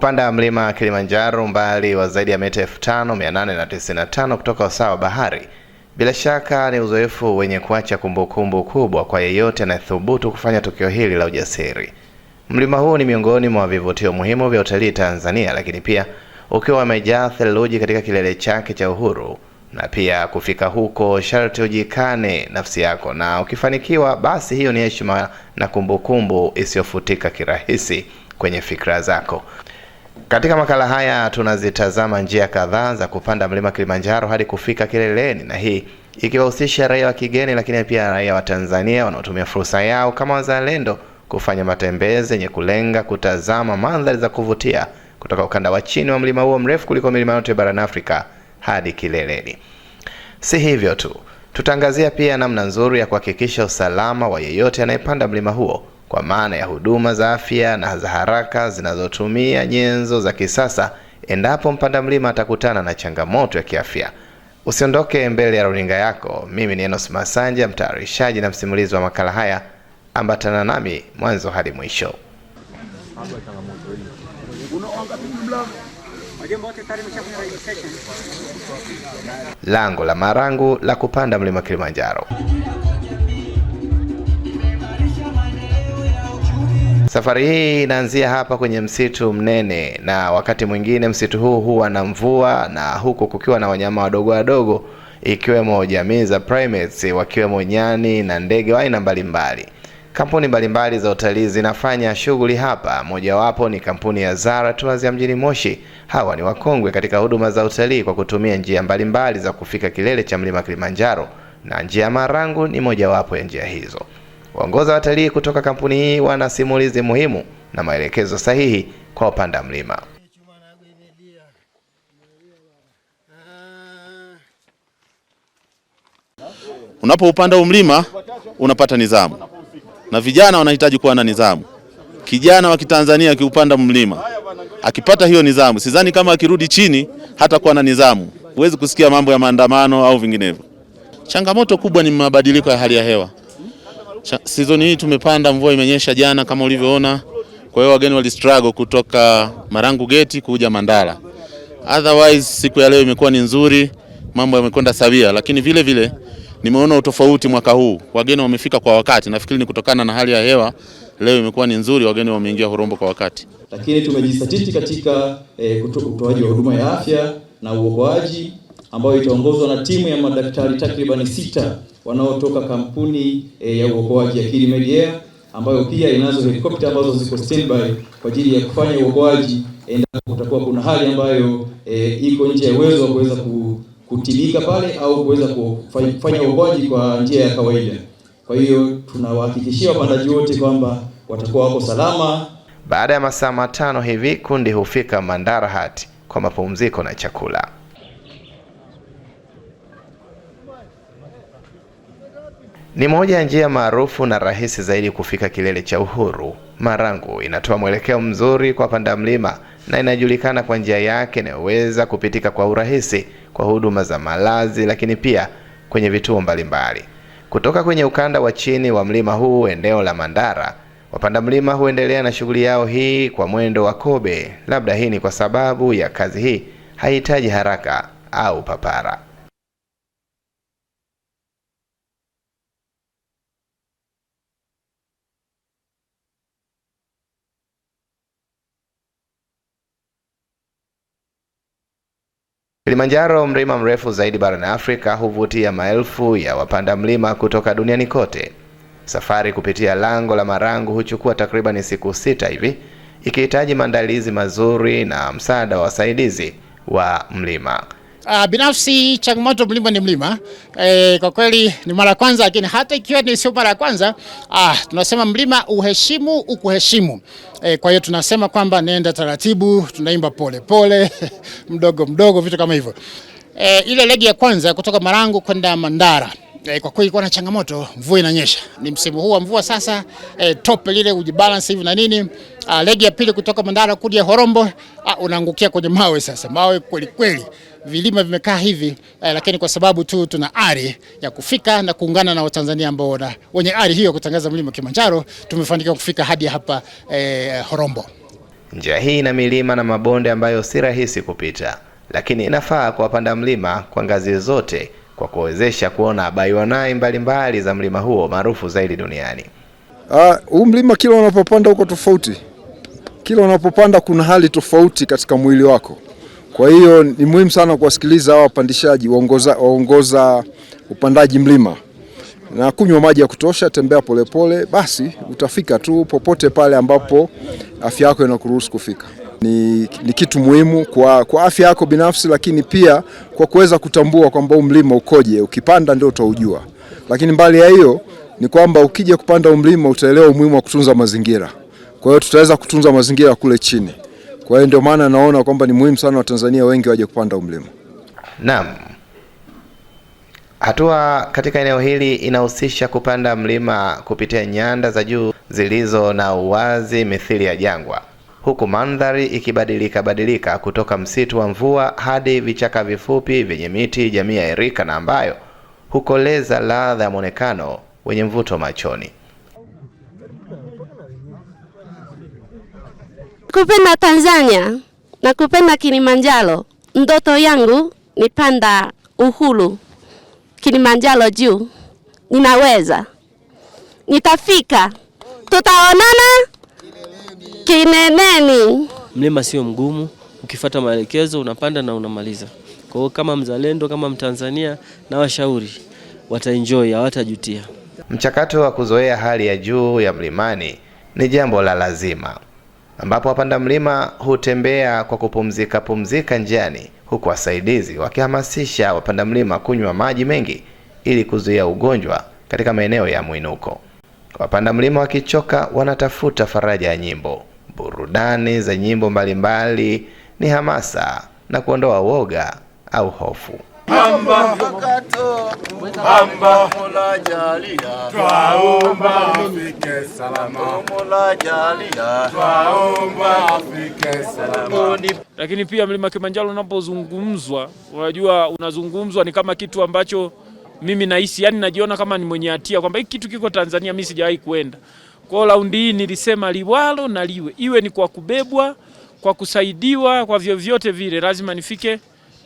kupanda mlima Kilimanjaro umbali wa zaidi ya mita 5895 kutoka usawa wa bahari, bila shaka ni uzoefu wenye kuacha kumbukumbu kubwa kwa yeyote anayethubutu kufanya tukio hili la ujasiri. Mlima huu ni miongoni mwa vivutio muhimu vya utalii Tanzania, lakini pia ukiwa umejaa theluji katika kilele chake cha uhuru. Na pia kufika huko sharti ujikane nafsi yako, na ukifanikiwa basi hiyo ni heshima na kumbukumbu isiyofutika kirahisi kwenye fikra zako. Katika makala haya tunazitazama njia kadhaa za kupanda mlima Kilimanjaro hadi kufika kileleni, na hii ikiwahusisha raia wa kigeni, lakini pia raia wa Tanzania wanaotumia fursa yao kama wazalendo kufanya matembezi yenye kulenga kutazama mandhari za kuvutia kutoka ukanda wa chini wa mlima huo mrefu kuliko milima yote barani Afrika hadi kileleni. Si hivyo tu, tutaangazia pia namna nzuri ya kuhakikisha usalama wa yeyote anayepanda mlima huo kwa maana ya huduma za afya na za haraka zinazotumia nyenzo za kisasa endapo mpanda mlima atakutana na changamoto ya kiafya. Usiondoke mbele ya runinga yako. Mimi ni Enos Masanja, mtayarishaji na msimulizi wa makala haya. Ambatana nami mwanzo hadi mwisho. Lango la Marangu la kupanda mlima Kilimanjaro. Safari hii inaanzia hapa kwenye msitu mnene, na wakati mwingine msitu huu huwa na mvua na huku kukiwa na wanyama wadogo wadogo ikiwemo jamii za primates wakiwemo nyani na ndege wa aina mbalimbali. Kampuni mbalimbali za utalii zinafanya shughuli hapa, mojawapo ni kampuni ya Zara Tours ya mjini Moshi. Hawa ni wakongwe katika huduma za utalii kwa kutumia njia mbalimbali za kufika kilele cha mlima Kilimanjaro, na njia Marangu ni mojawapo ya njia hizo. Waongoza watalii kutoka kampuni hii wana simulizi muhimu na maelekezo sahihi kwa upanda mlima. Unapoupanda mlima unapata nidhamu, na vijana wanahitaji kuwa na nidhamu. Kijana wa Kitanzania akiupanda mlima akipata hiyo nidhamu, sidhani kama akirudi chini hata kuwa na nidhamu. Huwezi kusikia mambo ya maandamano au vinginevyo. Changamoto kubwa ni mabadiliko ya hali ya hewa. Season hii tumepanda, mvua imenyesha jana kama ulivyoona, kwa hiyo wageni wali struggle kutoka Marangu geti kuja Mandala. Otherwise siku ya leo imekuwa ni nzuri, mambo yamekwenda sawia, lakini vile vile nimeona utofauti mwaka huu, wageni wamefika kwa wakati. Nafikiri ni kutokana na hali ya hewa, leo imekuwa ni nzuri, wageni wameingia Horombo kwa wakati. Lakini tumejisatiti katika eh, utoaji wa huduma ya afya na uokoaji ambayo itaongozwa na timu ya madaktari takribani sita wanaotoka kampuni e, ya uokoaji ya Kili Media ambayo pia inazo helikopta ambazo ziko standby kwa ajili ya kufanya uokoaji endapo kutakuwa kuna hali ambayo e, iko nje ya uwezo wa kuweza kutibika pale au kuweza kufanya uokoaji kwa njia ya kawaida. Kwa hiyo tunawahakikishia wapandaji wote kwamba watakuwa wako salama. Baada ya masaa matano hivi kundi hufika Mandarahat kwa mapumziko na chakula. Ni moja ya njia maarufu na rahisi zaidi kufika kilele cha Uhuru. Marangu inatoa mwelekeo mzuri kwa panda mlima na inajulikana kwa njia yake inayoweza kupitika kwa urahisi kwa huduma za malazi, lakini pia kwenye vituo mbalimbali. Kutoka kwenye ukanda wa chini wa mlima huu, eneo la Mandara, wapanda mlima huendelea na shughuli yao hii kwa mwendo wa kobe. Labda hii ni kwa sababu ya kazi hii haihitaji haraka au papara. Kilimanjaro, mlima mrefu zaidi barani Afrika, huvutia maelfu ya wapanda mlima kutoka duniani kote. Safari kupitia lango la Marangu huchukua takribani siku sita hivi, ikihitaji maandalizi mazuri na msaada wa wasaidizi wa mlima. Uh, binafsi changamoto mlima ni mlima e, kwa kweli ni mara kwanza, lakini hata ikiwa ni sio mara ya kwanza ah, tunasema mlima uheshimu ukuheshimu. E, kwa hiyo tunasema kwamba nenda taratibu, tunaimba pole pole mdogo mdogo, vitu kama hivyo. E, ile legi ya kwanza kutoka Marangu kwenda Mandara E, kwa kweli ilikuwa na changamoto, mvua inanyesha, ni msimu huu wa mvua sasa. E, eh, tope lile ujibalance hivi na nini. Ah, legi ya pili kutoka Mandara kuja Horombo, ah, unaangukia kwenye mawe sasa, mawe kweli kweli, vilima vimekaa hivi e, lakini kwa sababu tu tuna ari ya kufika na kuungana na Watanzania ambao wenye ari hiyo kutangaza mlima Kilimanjaro, tumefanikiwa kufika hadi hapa e, Horombo. Njia hii ina milima na mabonde ambayo si rahisi kupita, lakini inafaa kwa wapanda mlima kwa ngazi zote kwa kuwezesha kuona baiwanai mbalimbali za mlima huo maarufu zaidi duniani. Ah, huu uh, mlima kila unapopanda uko tofauti, kila unapopanda kuna hali tofauti katika mwili wako. Kwa hiyo ni muhimu sana kuwasikiliza hawa wapandishaji waongoza, waongoza upandaji mlima na kunywa maji ya kutosha, tembea polepole pole, basi utafika tu popote pale ambapo afya yako inakuruhusu kufika ni, ni kitu muhimu kwa, kwa afya yako binafsi, lakini pia kwa kuweza kutambua kwamba huu mlima ukoje. Ukipanda ndio utaujua, lakini mbali ya hiyo ni kwamba ukija kupanda mlima utaelewa umuhimu wa kutunza mazingira. Kwa hiyo tutaweza kutunza mazingira kule chini. Kwa hiyo ndio maana naona kwamba ni muhimu sana Watanzania wengi waje kupanda mlima. Naam. Hatua katika eneo hili inahusisha kupanda mlima kupitia nyanda za juu zilizo na uwazi mithili ya jangwa huku mandhari ikibadilika badilika kutoka msitu wa mvua hadi vichaka vifupi vyenye miti jamii ya erika na ambayo hukoleza ladha ya mwonekano wenye mvuto machoni. Kupenda Tanzania na kupenda Kilimanjaro, ndoto yangu ni panda uhuru Kilimanjaro juu. Ninaweza, nitafika, tutaonana. Kineneni. Mlima sio mgumu, ukifata maelekezo unapanda na unamaliza. Kwa hiyo kama mzalendo, kama Mtanzania na washauri wataenjoy, hawatajutia. Mchakato wa kuzoea hali ya juu ya mlimani ni jambo la lazima, ambapo wapanda mlima hutembea kwa kupumzika pumzika njiani, huku wasaidizi wakihamasisha wapanda mlima kunywa maji mengi ili kuzuia ugonjwa katika maeneo ya mwinuko. Wapanda mlima wakichoka wanatafuta faraja ya nyimbo burudani za nyimbo mbalimbali mbali, ni hamasa na kuondoa woga au hofu. Amba, amba, Mola jalia, twaomba afike salama. Mola jalia, twaomba afike salama. Lakini pia mlima Kilimanjaro unapozungumzwa, unajua unazungumzwa ni kama kitu ambacho mimi nahisi, yani najiona kama ni mwenye hatia kwamba hiki kitu kiko Tanzania, mimi sijawahi kuenda. Kwa raundi hii nilisema liwalo na liwe, iwe ni kwa kubebwa, kwa kusaidiwa, kwa vyovyote vile lazima nifike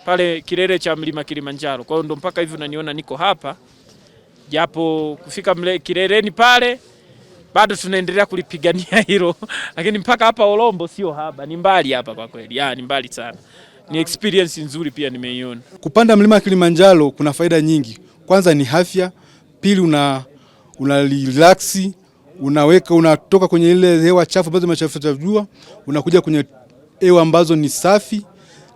pale kilele cha mlima Kilimanjaro. Kwa hiyo ndo mpaka hivi unaniona niko hapa, japo kufika mle kileleni pale bado tunaendelea kulipigania hilo lakini mpaka hapa Olombo sio haba, ni mbali hapa kwa kweli, ni mbali sana. Ni experience nzuri pia nimeiona. Kupanda mlima Kilimanjaro kuna faida nyingi, kwanza ni afya, pili una, una relax unaweka unatoka kwenye ile hewa chafu ambazo imechafua jua, unakuja kwenye hewa ambazo ni safi,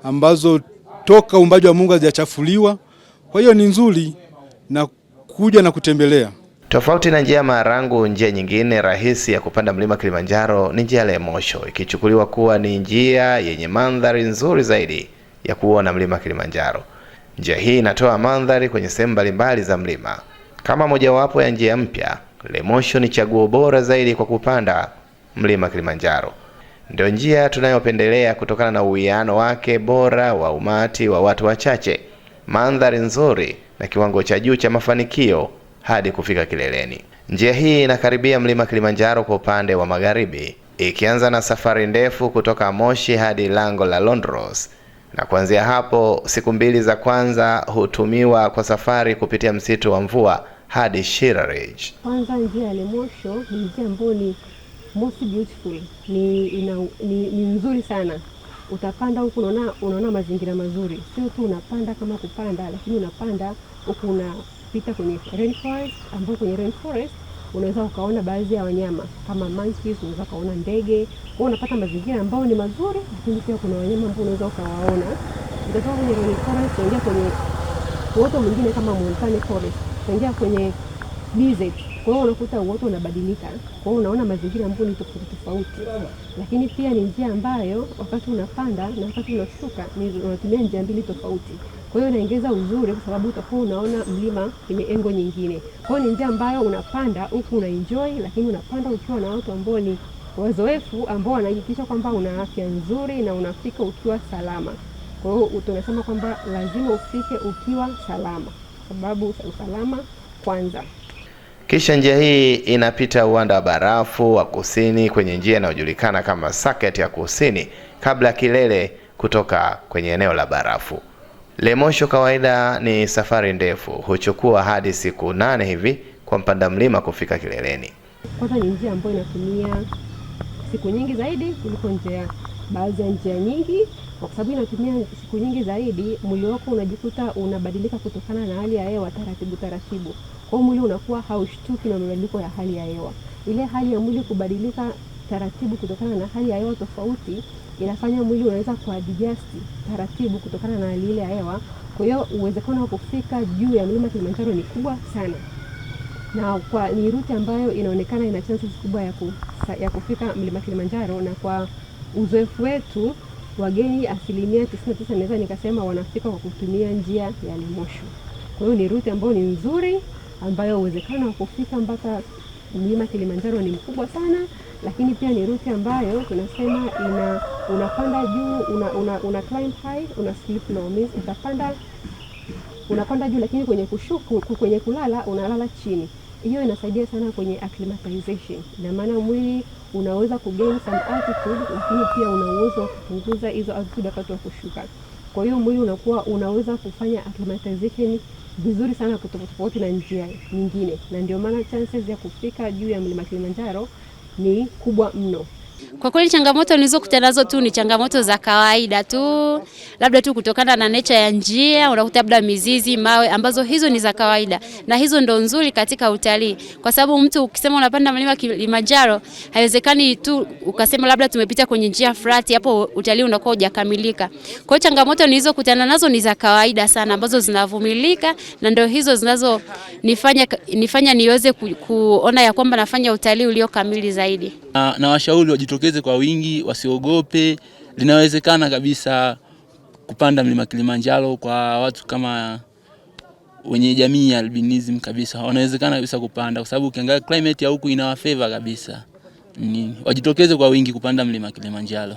ambazo toka umbaji wa Mungu hazijachafuliwa. Kwa hiyo ni nzuri na kuja na kutembelea. Tofauti na njia Marangu, njia nyingine rahisi ya kupanda mlima Kilimanjaro ni njia Lemosho, ikichukuliwa kuwa ni njia yenye mandhari nzuri zaidi ya kuona mlima Kilimanjaro. Njia hii inatoa mandhari kwenye sehemu mbalimbali za mlima kama mojawapo ya njia mpya Lemosho ni chaguo bora zaidi kwa kupanda mlima Kilimanjaro. Ndio njia tunayopendelea kutokana na uwiano wake bora wa umati wa watu wachache, mandhari nzuri na kiwango cha juu cha mafanikio hadi kufika kileleni. Njia hii inakaribia mlima Kilimanjaro kwa upande wa magharibi, ikianza na safari ndefu kutoka Moshi hadi lango la Londros, na kuanzia hapo siku mbili za kwanza hutumiwa kwa safari kupitia msitu wa mvua hadi Shirarej. Kwanza njia ya Lemosho ni njia ambayo ni most beautiful, ni, ina, ni, ni nzuri sana. Utapanda huku unaona, unaona mazingira mazuri, sio tu unapanda kama kupanda, lakini unapanda huku unapita kwenye rainforest, ambao kwenye rainforest unaweza ukaona baadhi ya wanyama kama monkeys, unaweza ukaona ndege. Kwa unapata mazingira ambayo ni mazuri, lakini pia kuna wanyama ambao unaweza ukawaona. Utatoka kwenye rainforest unaingia kwenye uoto mwingine kama volcanic forest kuingia kwenye desert. Kwa hiyo unakuta uoto unabadilika, kwa hiyo unaona mazingira ni tofauti tofauti, lakini pia ni njia ambayo wakati unapanda na wakati unashuka unatumia njia mbili tofauti. Kwa hiyo inaongeza uzuri, kwa sababu utakuwa unaona mlima kwenye engo nyingine. Kwa hiyo ni njia ambayo unapanda huku una enjoy, lakini unapanda ukiwa na watu ambao ni wazoefu, ambao wanahakikisha kwamba una afya nzuri na unafika ukiwa salama. Kwa hiyo tunasema kwamba lazima ufike ukiwa salama sababu usalama kwanza. Kisha njia hii inapita uwanda wa barafu wa kusini kwenye njia inayojulikana kama saketi ya kusini kabla kilele kutoka kwenye eneo la barafu. Lemosho kawaida ni safari ndefu, huchukua hadi siku nane hivi kwa mpanda mlima kufika kileleni. Kwanza ni njia ambayo inatumia siku nyingi zaidi kuliko njia baadhi ya njia nyingi kwa sababu inatumia siku nyingi zaidi, mwili wako unajikuta unabadilika kutokana na hali ya hewa taratibu taratibu. Kwa hiyo mwili unakuwa haushtuki na mabadiliko ya hali ya hewa. Ile hali ya mwili kubadilika taratibu kutokana na hali ya hewa tofauti inafanya mwili unaweza kuadjust taratibu kutokana na hali ile ya hewa. Kwa hiyo uwezekano wa kufika juu ya mlima Kilimanjaro ni kubwa sana, na kwa ni ruti ambayo inaonekana ina chances kubwa ya, ku, ya kufika mlima Kilimanjaro, na kwa uzoefu wetu wageni asilimia 99 naweza nikasema wanafika kwa kutumia njia ya Limosho. Kwa hiyo ni ruti ambayo ni nzuri, ambayo uwezekano wa kufika mpaka mlima Kilimanjaro ni mkubwa sana, lakini pia ni ruti ambayo tunasema ina unapanda juu, una, una, una climb high, una sleep low, means utapanda unapanda juu, lakini kwenye kushuku, kwenye kulala unalala chini hiyo inasaidia sana kwenye acclimatization. Ina maana mwili unaweza kugain some altitude, lakini pia una uwezo wa kupunguza hizo altitude wakati wa kushuka. Kwa hiyo mwili unakuwa unaweza kufanya acclimatization vizuri sana tofauti na njia nyingine, na ndio maana chances ya kufika juu ya mlima Kilimanjaro ni kubwa mno. Kwa kweli changamoto nilizokutana nazo tu ni changamoto za kawaida tu, labda tu kutokana na necha ya njia, unakuta labda mizizi, mawe, ambazo hizo ni za kawaida, na hizo ndo nzuri katika utalii, kwa sababu mtu ukisema unapanda mlima Kilimanjaro, haiwezekani tu ukasema labda tumepita kwenye njia flati, hapo utalii unakuwa hujakamilika. Kwa hiyo changamoto nilizokutana nazo ni za kawaida sana, ambazo zinavumilika, na ndio hizo zinazonifanya nifanya niweze ku, kuona ya kwamba nafanya utalii ulio kamili zaidi na, na washauri wajitokeze kwa wingi, wasiogope. Linawezekana kabisa kupanda mlima Kilimanjaro kwa watu kama wenye jamii ya albinism kabisa, wanawezekana kabisa kupanda, kwa sababu ukiangalia climate ya huku ina favor kabisa. Nini, wajitokeze kwa wingi kupanda mlima Kilimanjaro.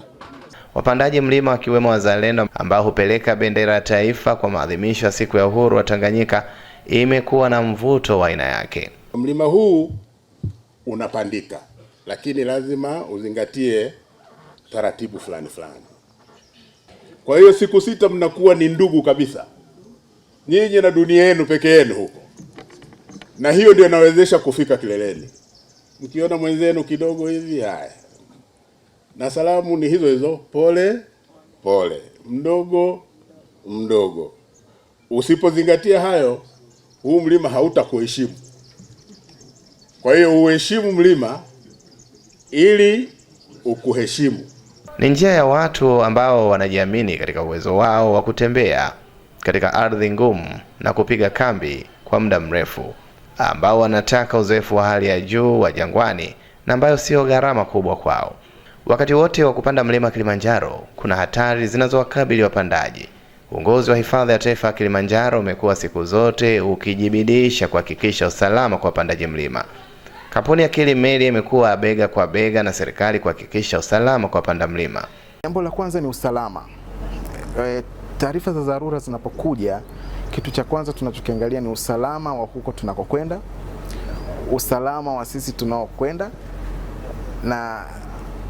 Wapandaji mlima wakiwemo wazalendo ambao hupeleka bendera ya taifa kwa maadhimisho ya siku ya uhuru wa Tanganyika imekuwa na mvuto wa aina yake. Mlima huu unapandika lakini lazima uzingatie taratibu fulani fulani. Kwa hiyo siku sita mnakuwa ni ndugu kabisa nyinyi na dunia yenu peke yenu huko, na hiyo ndio inawezesha kufika kileleni. Mkiona mwenzenu kidogo hivi, haya na salamu ni hizo hizo, pole pole, mdogo mdogo. Usipozingatia hayo, huu mlima hautakuheshimu. Kwa hiyo uheshimu mlima ili ukuheshimu. Ni njia ya watu ambao wanajiamini katika uwezo wao wa kutembea katika ardhi ngumu na kupiga kambi kwa muda mrefu, ambao wanataka uzoefu wa hali ya juu wa jangwani na ambayo sio gharama kubwa kwao. Wakati wote wa kupanda mlima Kilimanjaro kuna hatari zinazowakabili wapandaji. Uongozi wa hifadhi ya taifa ya Kilimanjaro umekuwa siku zote ukijibidisha kuhakikisha usalama kwa wapandaji mlima. Kampuni ya meli imekuwa bega kwa bega na serikali kuhakikisha usalama kwa panda mlima. Jambo la kwanza ni usalama. E, taarifa za dharura zinapokuja, kitu cha kwanza tunachokiangalia ni usalama wa huko tunakokwenda, usalama wa sisi tunaokwenda na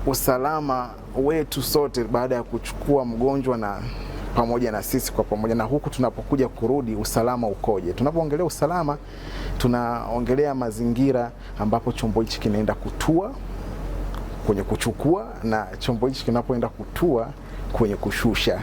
usalama wetu sote baada ya kuchukua mgonjwa na pamoja na sisi kwa pamoja. Na huku tunapokuja kurudi, usalama ukoje? Tunapoongelea usalama, tunaongelea mazingira ambapo chombo hichi kinaenda kutua kwenye kuchukua na chombo hichi kinapoenda kutua kwenye kushusha.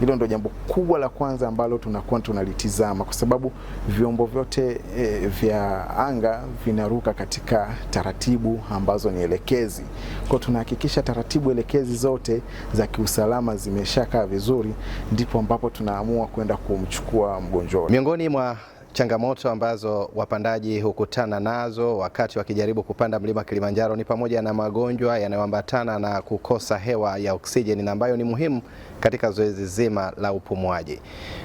Hilo ndo jambo kubwa la kwanza ambalo tunakuwa tunalitizama, kwa sababu vyombo vyote e, vya anga vinaruka katika taratibu ambazo ni elekezi. Kwa tunahakikisha taratibu elekezi zote za kiusalama zimeshakaa vizuri, ndipo ambapo tunaamua kwenda kumchukua mgonjwa. Miongoni mwa Changamoto ambazo wapandaji hukutana nazo wakati wakijaribu kupanda mlima Kilimanjaro ni pamoja na magonjwa yanayoambatana na kukosa hewa ya oksijeni na ambayo ni muhimu katika zoezi zima la upumuaji.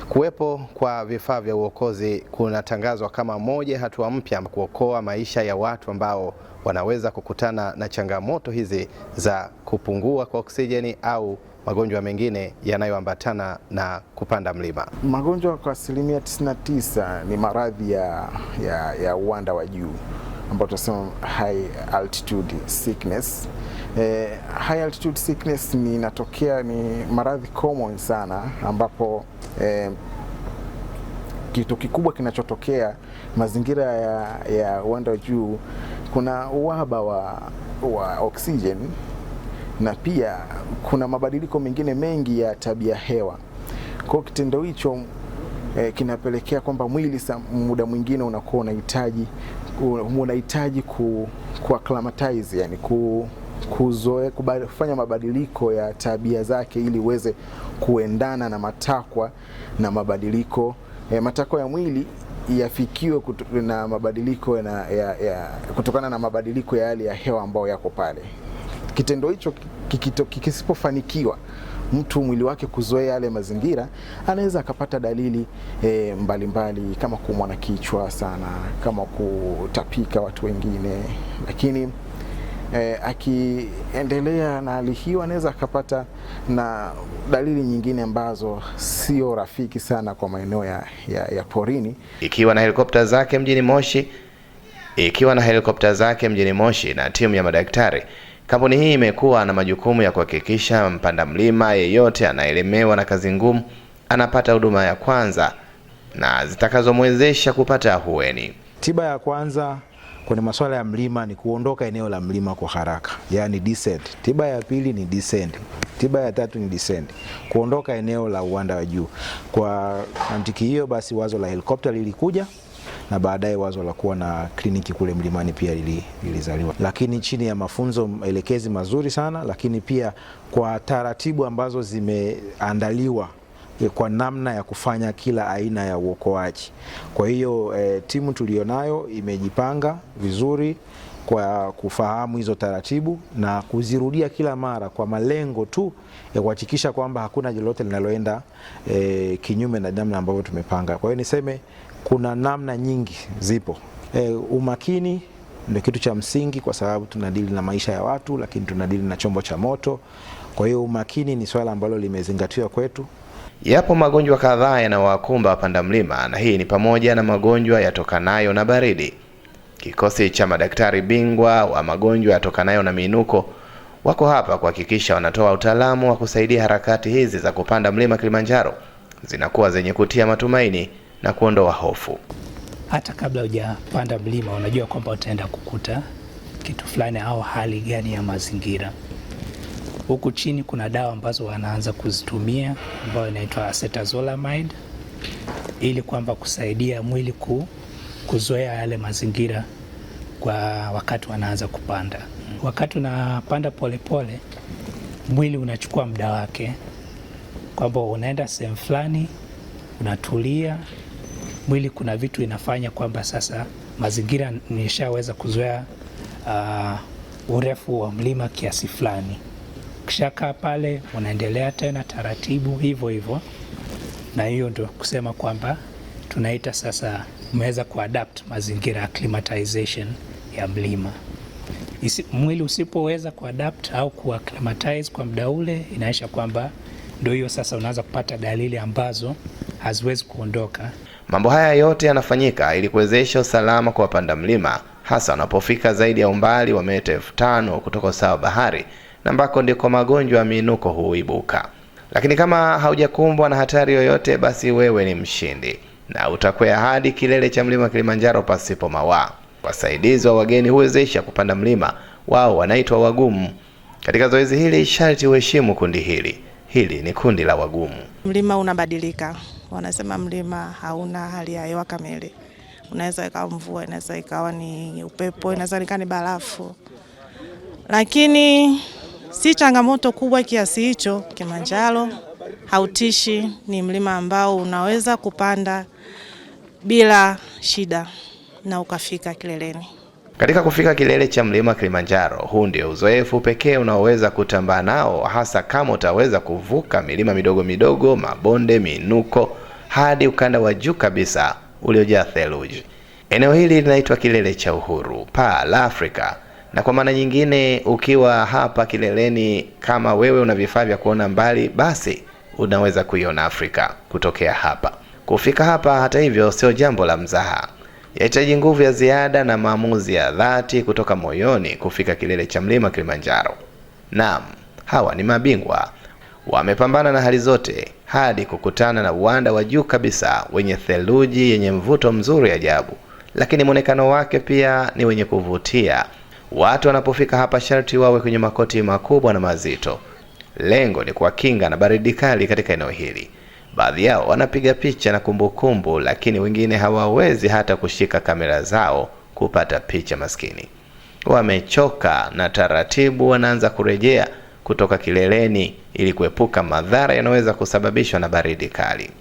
Kuwepo kwa vifaa vya uokozi kunatangazwa kama moja hatua mpya kuokoa maisha ya watu ambao wanaweza kukutana na changamoto hizi za kupungua kwa oksijeni au magonjwa mengine yanayoambatana na kupanda mlima. Magonjwa kwa asilimia 99 ni maradhi ya, ya, ya uwanda wa juu ambao tunasema high altitude sickness. Eh, high altitude sickness ni inatokea ni maradhi common sana ambapo eh, kitu kikubwa kinachotokea mazingira ya, ya uwanda wa juu kuna uhaba wa, wa oxygen na pia kuna mabadiliko mengine mengi ya tabia hewa. Kwa hiyo kitendo hicho e, kinapelekea kwamba mwili muda mwingine unakuwa unahitaji unahitaji ku, ku acclimatize yani ku kuzoe kufanya mabadiliko ya tabia zake ili uweze kuendana na matakwa na mabadiliko e, matakwa ya mwili yafikiwe kutu, na mabadiliko na, ya, ya, kutokana na mabadiliko ya hali ya hewa ambayo yako pale kitendo hicho kikisipofanikiwa mtu mwili wake kuzoea yale mazingira, anaweza akapata dalili e, mbalimbali mbali, kama kuumwa na kichwa sana, kama kutapika watu wengine, lakini e, akiendelea na hali hiyo anaweza akapata na dalili nyingine ambazo sio rafiki sana kwa maeneo ya, ya, ya porini. Ikiwa na helikopta zake mjini Moshi, ikiwa na helikopta zake mjini Moshi na timu ya madaktari Kampuni hii imekuwa na majukumu ya kuhakikisha mpanda mlima yeyote anaelemewa na kazi ngumu anapata huduma ya kwanza na zitakazomwezesha kupata ahueni. Tiba ya kwanza kwenye masuala ya mlima ni kuondoka eneo la mlima kwa haraka, yaani descent. Tiba ya pili ni descent. Tiba ya tatu ni descent, kuondoka eneo la uwanda wa juu. Kwa mantiki hiyo basi, wazo la helikopta lilikuja na baadaye wazo la kuwa na kliniki kule Mlimani pia lilizaliwa, lakini chini ya mafunzo elekezi mazuri sana, lakini pia kwa taratibu ambazo zimeandaliwa e, kwa namna ya kufanya kila aina ya uokoaji. Kwa hiyo e, timu tulionayo imejipanga vizuri kwa kufahamu hizo taratibu na kuzirudia kila mara kwa malengo tu ya kuhakikisha kwamba hakuna lolote linaloenda e, kinyume na namna ambavyo tumepanga. Kwa hiyo niseme kuna namna nyingi zipo. E, umakini ndio kitu cha msingi kwa sababu tunadili na maisha ya watu, lakini tunadili na chombo cha moto. Kwa hiyo umakini ni swala ambalo limezingatiwa kwetu. Yapo magonjwa kadhaa yanayowakumba wapanda mlima na hii ni pamoja na magonjwa yatokanayo na baridi. Kikosi cha madaktari bingwa wa magonjwa yatokanayo na miinuko wako hapa kuhakikisha wanatoa utaalamu wa kusaidia harakati hizi za kupanda mlima Kilimanjaro zinakuwa zenye kutia matumaini na kuondoa hofu. Hata kabla hujapanda mlima, unajua kwamba utaenda kukuta kitu fulani au hali gani ya mazingira. Huku chini kuna dawa ambazo wanaanza kuzitumia ambayo inaitwa acetazolamide ili kwamba kusaidia mwili ku, kuzoea yale mazingira kwa wakati wanaanza kupanda. Wakati unapanda polepole, mwili unachukua muda wake, kwamba unaenda sehemu fulani, unatulia mwili kuna vitu inafanya kwamba sasa mazingira nishaweza kuzoea uh, urefu wa mlima kiasi fulani. Ukishakaa pale unaendelea tena taratibu hivyo hivyo, na hiyo ndio kusema kwamba tunaita sasa umeweza kuadapt mazingira acclimatization ya mlima. Isi, mwili usipoweza kuadapt au kuacclimatize kwa muda ule, inaisha kwamba ndio hiyo sasa unaanza kupata dalili ambazo haziwezi kuondoka. Mambo haya yote yanafanyika ili kuwezesha usalama kwa wapanda mlima, hasa wanapofika zaidi ya umbali wa mita elfu tano kutoka usawa bahari na ambako ndiko magonjwa ya miinuko huibuka. Lakini kama haujakumbwa na hatari yoyote, basi wewe ni mshindi na utakwea hadi kilele cha mlima Kilimanjaro pasipo mawaa. Wasaidizi wa wageni huwezesha kupanda mlima, wao wanaitwa wagumu. Katika zoezi hili, sharti uheshimu kundi hili. Hili ni kundi la wagumu. Mlima unabadilika wanasema mlima hauna hali ya hewa kamili, unaweza ikawa mvua, inaweza ikawa ni upepo, inaweza ikawa ni barafu, lakini si changamoto kubwa kiasi hicho. Kilimanjaro hautishi, ni mlima ambao unaweza kupanda bila shida na ukafika kileleni. Katika kufika kilele cha mlima Kilimanjaro, huu ndio uzoefu pekee unaoweza kutambaa nao, hasa kama utaweza kuvuka milima midogo midogo, mabonde, minuko hadi ukanda wa juu kabisa uliojaa theluji. Eneo hili linaitwa kilele cha uhuru, paa la Afrika. Na kwa maana nyingine, ukiwa hapa kileleni, kama wewe una vifaa vya kuona mbali, basi unaweza kuiona Afrika kutokea hapa. Kufika hapa, hata hivyo, sio jambo la mzaha yahitaji nguvu ya ziada na maamuzi ya dhati kutoka moyoni kufika kilele cha mlima Kilimanjaro. Naam, hawa ni mabingwa, wamepambana na hali zote hadi kukutana na uwanda wa juu kabisa wenye theluji yenye mvuto mzuri ajabu, lakini mwonekano wake pia ni wenye kuvutia. Watu wanapofika hapa sharti wawe kwenye makoti makubwa na mazito. Lengo ni kuwakinga na baridi kali katika eneo hili. Baadhi yao wanapiga picha na kumbukumbu kumbu, lakini wengine hawawezi hata kushika kamera zao kupata picha. Maskini wamechoka na taratibu wanaanza kurejea kutoka kileleni ili kuepuka madhara yanayoweza kusababishwa na baridi kali.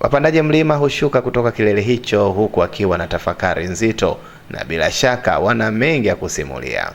Wapandaji mlima hushuka kutoka kilele hicho huku akiwa na tafakari nzito na bila shaka wana mengi ya kusimulia.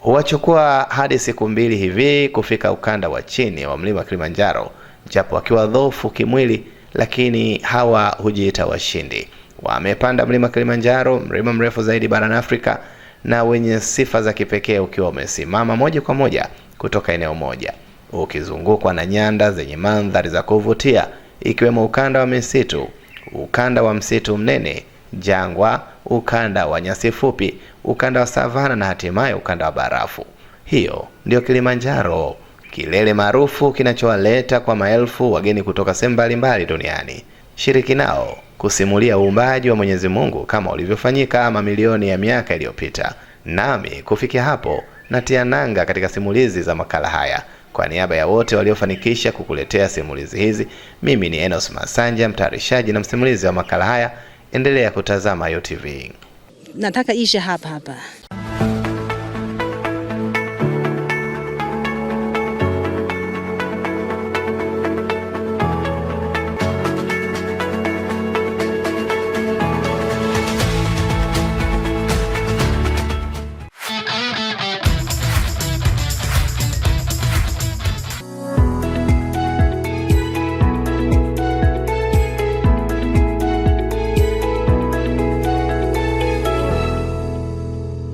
Huwachukua hadi siku mbili hivi kufika ukanda wa chini wa mlima Kilimanjaro, japo wakiwa dhoofu kimwili, lakini hawa hujiita washindi wamepanda mlima Kilimanjaro, mlima mrefu zaidi barani Afrika na wenye sifa za kipekee, ukiwa umesimama moja kwa moja kutoka eneo moja, ukizungukwa na nyanda zenye mandhari za kuvutia ikiwemo ukanda wa misitu, ukanda wa msitu mnene, jangwa, ukanda wa nyasi fupi, ukanda wa savana na hatimaye ukanda wa barafu. Hiyo ndio Kilimanjaro, kilele maarufu kinachowaleta kwa maelfu wageni kutoka sehemu mbalimbali duniani. Shiriki nao kusimulia uumbaji wa Mwenyezi Mungu kama ulivyofanyika mamilioni ya miaka iliyopita. Nami kufikia hapo natia nanga katika simulizi za makala haya. Kwa niaba ya wote waliofanikisha kukuletea simulizi hizi, mimi ni Enos Masanja, mtayarishaji na msimulizi wa makala haya. Endelea kutazama YOTV. Nataka ishe hapa hapa.